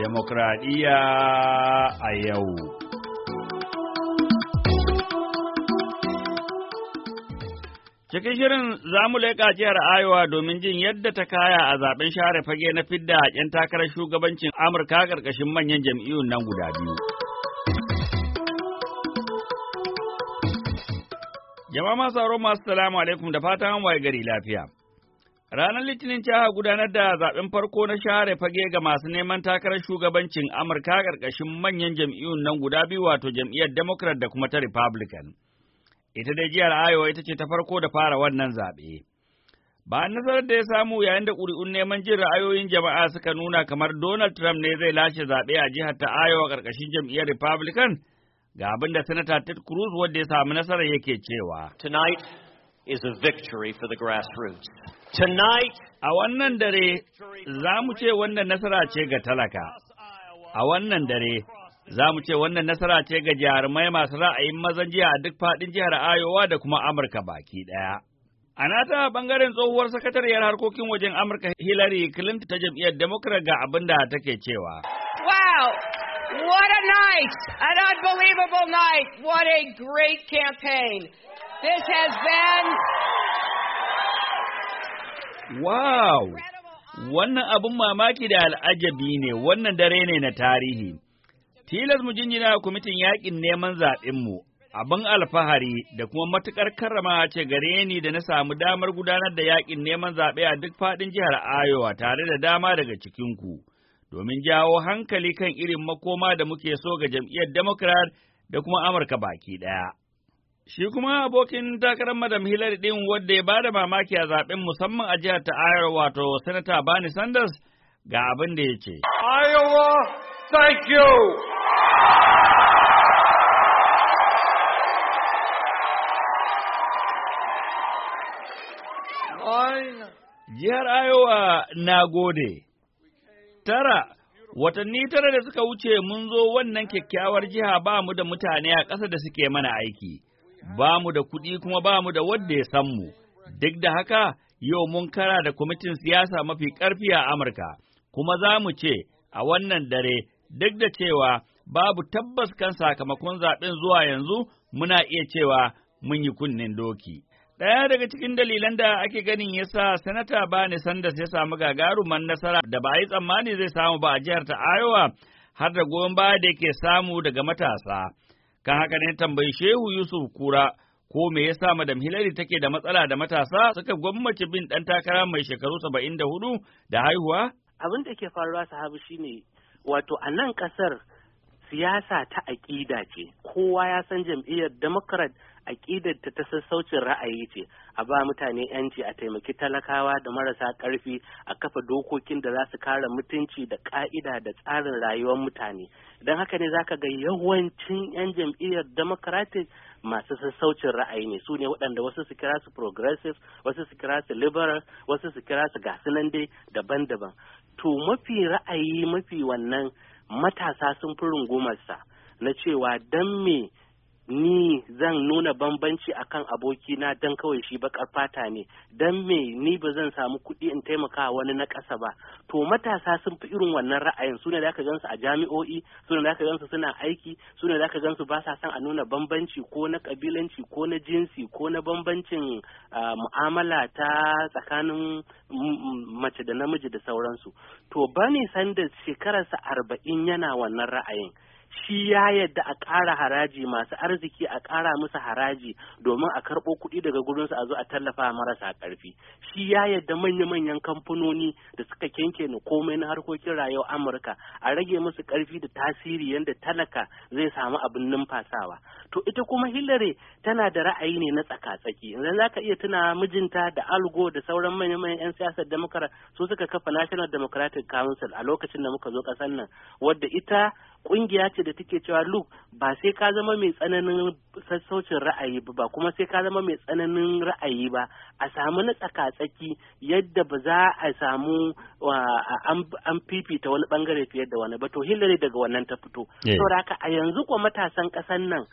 demokradiyya a yau. Cikin shirin za mu leƙa jihar ayowa domin jin yadda ta kaya a zaben share fage na fidda a ‘yan takarar shugabancin Amurka ƙarƙashin manyan jam'iyyun nan guda biyu. Jama'a masu sauro masu salamu alaikum da fatan waye gari lafiya. Ranar Litinin ta gudanar da zaben farko na share fage ga masu neman takarar shugabancin Amurka ƙarƙashin manyan jam'iyyun nan guda biyu wato jam'iyyar Democrat da kuma ta Republican. Ita dai jihar Iowa ita ce ta farko da fara wannan zaɓe. Ba nasarar da ya samu yayin da kuri'un neman jin ra'ayoyin jama'a suka nuna kamar Donald Trump ne zai lashe zaɓe a jihar ta Iowa ƙarƙashin jam'iyyar Republican ga abin da Sanata Ted Cruz wanda ya samu nasarar yake cewa. Tonight, is a victory for the grassroots. Tonight, a wannan dare za mu ce wannan nasara ce ga talaka. A wannan dare za mu ce wannan nasara ce ga jarumai masu ra'ayin mazan jiya a duk faɗin jihar Ayowa da kuma Amurka baki ɗaya. A nata bangaren tsohuwar sakatariyar harkokin wajen Amurka Hillary Clinton ta jam'iyyar Democrat ga abin da take cewa. Wow! What a night! An unbelievable night! What a great campaign! This has been. Wow! Wannan abin mamaki da al'ajabi ne, wannan dare ne na tarihi. Tilas mu jinjina kwamitin yaƙin neman Zaɓinmu, abin alfahari da kuma matuƙar karrama ce gare ni da na samu damar gudanar da yaƙin neman zaɓe a duk faɗin jihar Ayowa tare da dama daga cikinku, domin jawo hankali kan irin makoma da muke so ga jam'iyyar Democrat da kuma Amurka baki ɗaya. Shi kuma abokin takarar Madam Hillary ɗin wadda ya bada mamaki a zaɓen musamman a jihar ta Iowa wato Sanata Bernie Sanders ga abin da ya ce. Iowa, thank you! Jihar Iowa na gode. Tara, watanni tara da suka wuce mun zo wannan kyakkyawar jiha ba mu da mutane a ƙasa da suke mana aiki. ba mu da kuɗi kuma ba mu da wadda ya san mu. Duk da haka, yau mun kara da kwamitin siyasa mafi ƙarfi a Amurka, kuma za mu ce a wannan dare duk da cewa babu tabbas kan sakamakon zaɓen zuwa yanzu muna iya cewa mun yi kunnen doki. Ɗaya daga cikin dalilan da ake ganin ya sa Sanata Bani Sanders ya samu gagaruman nasara da ba a yi tsammani zai samu ba a jihar ta Iowa har da goyon baya da yake samu daga matasa. Kan haka ne tambayi Shehu Yusuf Kura ko me yasa Madam Hillary take da matsala da matasa suka gwammace bin ɗan takara mai shekaru saba'in da hudu da haihuwa? Abin da ke faruwa sahabu shine wato a nan ƙasar siyasa ta aƙida ce kowa ya san jam'iyyar democrat aƙidar ta ta sassaucin ra'ayi ce a ba mutane yanci a taimaki talakawa da marasa ƙarfi a kafa dokokin da za su kare mutunci da ƙa'ida da tsarin rayuwar mutane don haka ne zaka ga yawancin 'yan jam'iyyar democratic masu sassaucin ra'ayi ne su ne waɗanda wasu su kira su progressive wasu su kira su liberal wasu su kira su gasu nan dai daban-daban to mafi ra'ayi mafi wannan matasa sun fi rungumarsa na cewa dan me ni zan nuna bambanci akan abokina don kawai shi bakar fata ne don me ni ba zan samu kuɗi in taimaka wani na ƙasa ba to matasa sun fi irin wannan ra'ayin su ne da aka gansu a jami'o'i su ne da aka gansu suna aiki su ne da aka gansu ba sa son a nuna bambanci ko na kabilanci ko na jinsi ko na bambancin mu'amala ta tsakanin mace da namiji da sauransu to bani sanda shekararsa arba'in yana wannan ra'ayin shi ya yadda a ƙara haraji masu arziki a ƙara musu haraji domin a karɓo kuɗi daga gurinsu a zo a tallafa marasa ƙarfi shi ya yadda manya-manyan kamfanoni da suka kenke ni komai na harkokin rayuwar amurka a rage musu ƙarfi da tasiri yadda talaka zai samu abin numfasawa to ita kuma hillary tana da ra'ayi ne na tsaka-tsaki idan za ka iya tuna mijinta da algo da sauran manya-manyan 'yan siyasar democrat su suka kafa national democratic council a lokacin da muka zo ƙasar nan wadda ita kungiya ce da take cewa look ba sai ka zama mai tsananin sassaucin ra'ayi ba ba kuma sai ka zama mai tsananin ra'ayi ba a samu na tsaka tsaki yadda ba za a samu an fifita wani bangare fiye da wani ba to hillary daga wannan ta fito saboda haka a yanzu kuwa matasan ƙasan nan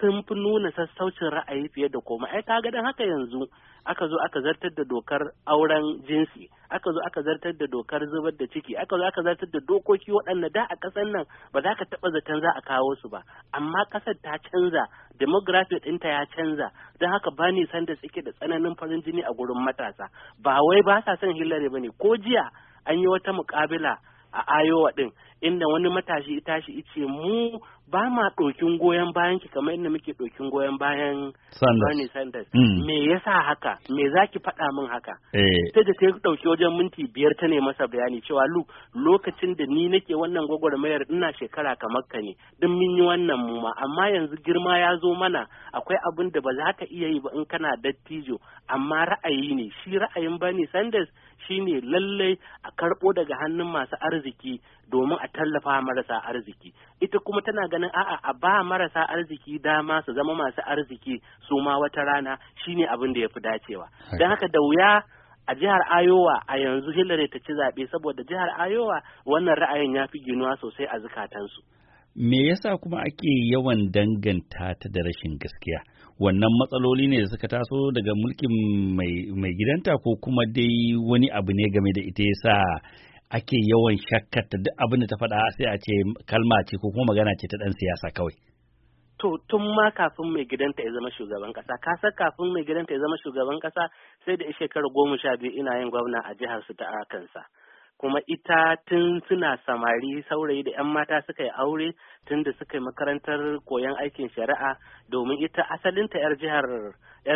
sun fi nuna sassaucin ra'ayi fiye da koma ai kaga dan haka yanzu aka zo aka zartar da dokar auren jinsi aka zo aka zartar da dokar zubar da ciki aka zo aka zartar da dokoki waɗanda da a ƙasar nan ba za ka taɓa zaton za a kawo su ba amma ƙasar ta canza demographic ɗinta ya canza don haka ba ni da suke da tsananin farin jini a gurin matasa ba wai ba sa son hillary ba ne ko jiya an yi wata mukabila a ayowa ɗin inda wani matashi tashi ice mu ba ma ɗokin goyon bayan ki kamar inda muke ɗokin goyon bayan Bernie Sanders. Hmm. Me yasa haka? Me za ki faɗa min haka? Eh. Sai da ta ɗauki wajen minti biyar ta ne masa bayani cewa lu lokacin da ni nake wannan gwagwarmayar ina shekara kamar ka ne don mun yi wannan mu ma amma yanzu girma ya zo mana akwai abin da ba za ka iya yi ba in kana dattijo amma ra'ayi ne shi ra'ayin Bernie Sanders shine lallai a karɓo daga hannun masu arziki domin a tallafa marasa arziki ita kuma tana ganin a'a a ba marasa arziki dama su zama masu arziki su ma wata rana shine abin da ya fi dacewa don haka da wuya a jihar Ayowa a yanzu Hillary ta ci zaɓe saboda jihar Ayowa wannan ra'ayin ya fi ginuwa sosai a zukatansu. Me yasa kuma ake yawan danganta ta da rashin gaskiya? Wannan matsaloli ne da suka taso daga mulkin mai gidanta ko kuma dai wani abu ne game da ita yasa ake yawan shakkata duk abin da ta faɗa sai a ce kalma ce ko kuma magana ce ta ɗan siyasa kawai. To tun ma kafin mai gidanta ya zama shugaban ƙasa, ka kafin mai gidanta ya zama shugaban ƙasa, sai da shekara goma sha biyu ina yin gwamna a jihar su ta Arkansas. Kuma ita tun suna samari saurayi da 'yan mata suka yi aure tun da suka yi makarantar koyon aikin shari'a domin ita asalinta 'yar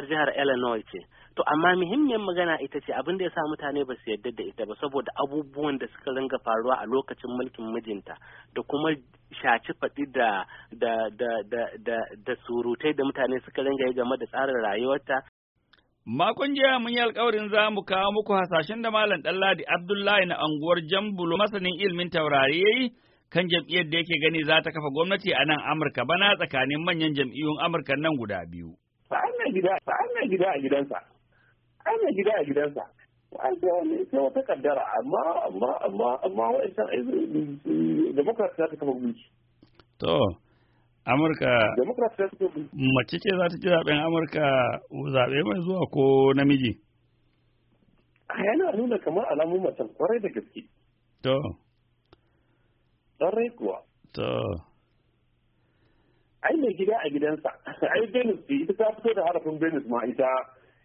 jihar Illinois ce. to amma muhimmiyar magana ita ce abin da ya sa mutane ba su yarda da ita ba saboda abubuwan da suka ringa faruwa a lokacin mulkin mijinta da kuma shaci faɗi da da surutai da mutane suka ringa yi game da tsarin rayuwarta Makon jiya mun yi alkawarin za mu kawo muku hasashen da Malam Ɗanladi Abdullahi na anguwar Jambulo masanin ilimin taurari yi kan jam'iyyar da yake gani za ta kafa gwamnati a nan Amurka bana tsakanin manyan jam'iyyun Amurka nan guda biyu. Sa'an na gida a gidansa. mai gida a gidansa ne sai wata kaddara amma amma amma amma wa'ancan democrat ta kafa gunki to amurka mace ce za ta ci zaben amurka zaɓe mai zuwa ko namiji yana nuna kamar alamun macen kwarai da gaske to kwarai kuwa to ai mai gida a gidansa ai Venice ita ta fito da harafin Venice ma ita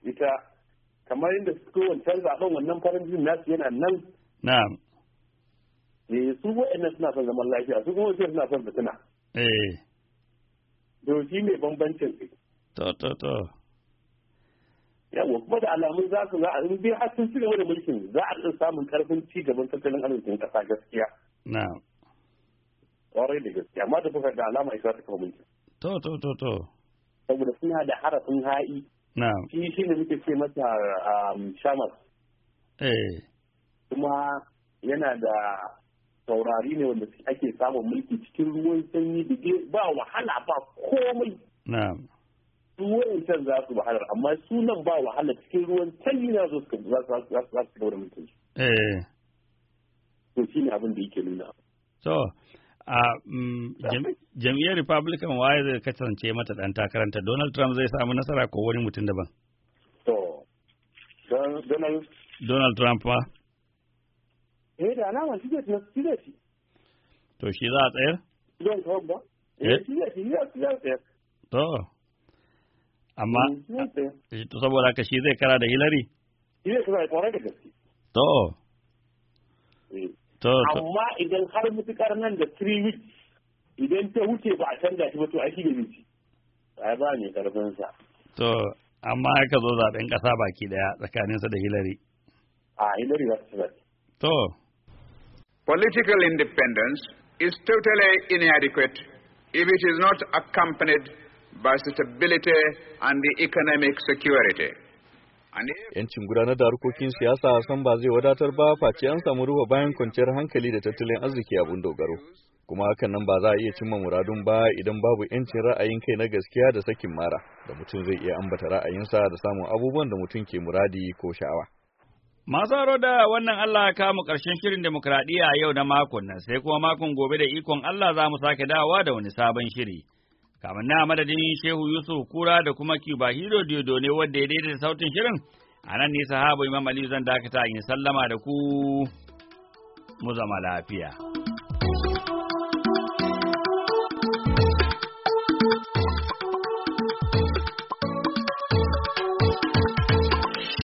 ita kamar yadda suka wancan zaben wannan farin jin nasu yana nan na'am ne eh, su wa'annan suna son zaman lafiya su kuma suna son fitina eh to shi ne bambancin su to to to yawa kuma da alamun za su za a in har sun ci gaba da mulkin za a ɗin samun karfin ci gaban tattalin arzikin kasa gaskiya na'am kwarai da gaskiya amma da kuka da alama isa ta kawo mulkin to to to to saboda suna da harafin ha'i shi shi ne muke ce mata um, shamar. Eh. kuma yana da taurari ne wanda ake samun mulki cikin ruwan sanyi da ba wahala ba komai ruwan can za su wahalar amma sunan ba wahala cikin ruwan sanyi na zo su za su mutum. Eh. to shi ne abin da yake nuna So. a mm, jam'iyyar republican waye zai kasance mata dan takaranta donald trump zai samu nasara ko wani mutum daban to donald donald trump ba eh da alaman wani zai shi zai shi to shi za a tsayar don trump ba eh, eh shi zai shi tsayar to amma mm, saboda haka shi zai kara da hillary shi zai kara da kwarai to eh. amma idan har mutukar nan da 3 weeks idan ta wuce ba a canza shi aiki da ba ne karfin sa to amma aka zo zaben kasa baki daya tsakanin sa da Hillary a Hillary za ta to political independence is totally inadequate if it is not accompanied by stability and the economic security Yancin gudanar da harkokin siyasa san ba zai wadatar ba face an samu ruwa bayan kwanciyar hankali da tattalin arziki abun dogaro. Kuma hakan nan ba za a iya cimma muradun ba idan babu yancin ra'ayin kai na gaskiya da sakin mara da mutum zai iya ambata ra'ayinsa da samun abubuwan da mutum ke muradi ko sha'awa. Masu haro da wannan Allah ya kamu ƙarshen shirin demokradiyya yau na makon nan sai kuma makon gobe da ikon Allah za mu sake dawowa da wani sabon shiri. kamar na madadin Shehu Yusuf Kura da kuma Cuba Hero Diodo ne wanda ya daidaita sautin shirin. A nan ne sahabu Imam Ali zan dakata in sallama da ku mu zama lafiya.